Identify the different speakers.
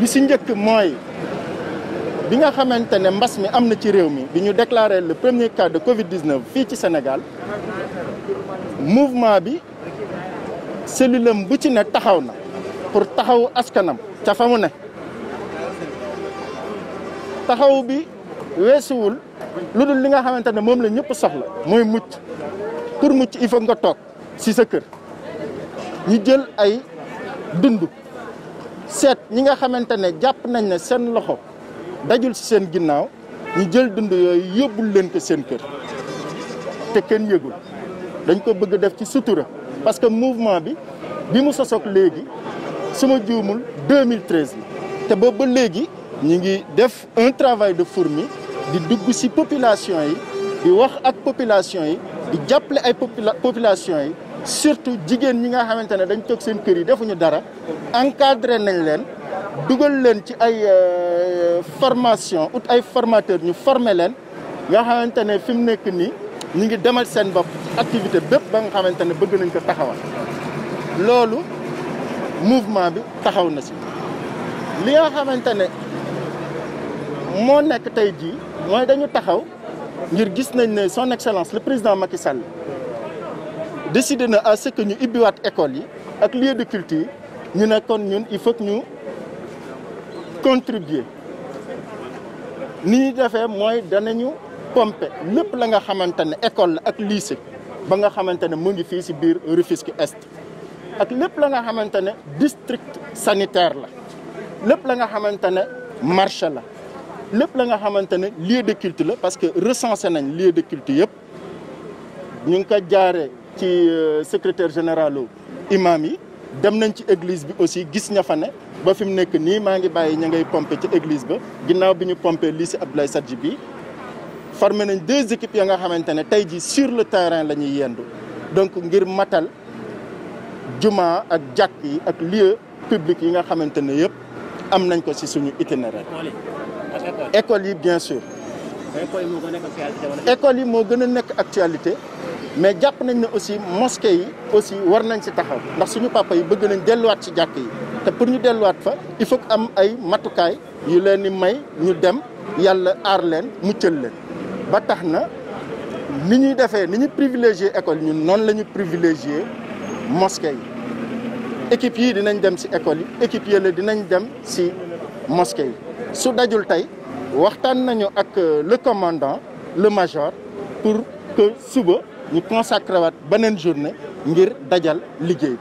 Speaker 1: li si njëkk mooy bi nga xamante ne mbas mi am na ci réew mi bi ñu déclaré le premier cas de Covid 19 fii ci senegal mouvement bi cellule am bu ci ne taxaw na pour taxaw askanam ca fa mu ne taxaw bi weesuwul lu dul li nga xamante ne moom la ñëpp soxla mooy mucc pour mucc il faut nga toog si sa kër ñu jël ay dund. set ñi nga xamantene ne nañ ne seen loxo dajul ci seen ginnaw ñu jël dund yoy leen ko seen kër sutura parce que mouvement bi bi mu 2013 la ngi def un travail de fourmi di dugg ci population yi di wax population di surtout jigéen ñi nga xamante dañ tok seen kër yi defuñu dara encadrer nañ leen dugal leen ci ay euh, formation ut ay formateur ñu former leen nga xamante fim nekk ni ñi ngi demal seen bopp activité bépp ba nga xamante bëgg nañ ko taxawal loolu mouvement bi taxaw na si li nga xamante ne moo nekk tey jii mooy dañu taxaw ngir gis nañ ne son excellence le président Macky Sall décidé à ce que nous ibiwat école et lieu de culture nous il faut que nous contribuer ni moy nous pomper la nga école ak lycée ba nga ci Est ak la nga district sanitaire la lepp la nga marché la la nga lieu de culte parce que recensé nañ lieu de culte nous ci euh, secrétaire général, imam yi dem nañ ci église bi aussi gis ña fa ne ba fim nek ni nii maa ngi bàyyi ña ngay pompe ci église ba ginnaw bi ñu pompe lycée Abdoulaye Sadji bi formé nañ deux équipes ya nga xamantene ne ji sur le terrain lañuy yendu donc ngir matal jumaa ak jakk yi ak lieu public yi nga xamantene yépp am nañ ko ci suñu itinéraire école yi bien sûr école yi mo gëna nek actualité mais japp nañ ne aussi mosquée yi aussi war nañ ci taxaw ndax suñu papa yi bëgg nañ delluwaat ci jàkk yi te pour ñu delluwaat fa il faut que am ay matukaay yu leen di may ñu dem yàlla aar leen muccal leen ba tax na ni ñuy defee ni ñu privilégié école ñun noonu la ñu privilégié mosquée yi équipe yii dinañ dem si école yi équipe yële dinañ dem si mosquée yi su dajul tey waxtaan nañu ak le commandant le major pour que suba nous consacrerons la bonne journée, nous sommes tous les jours.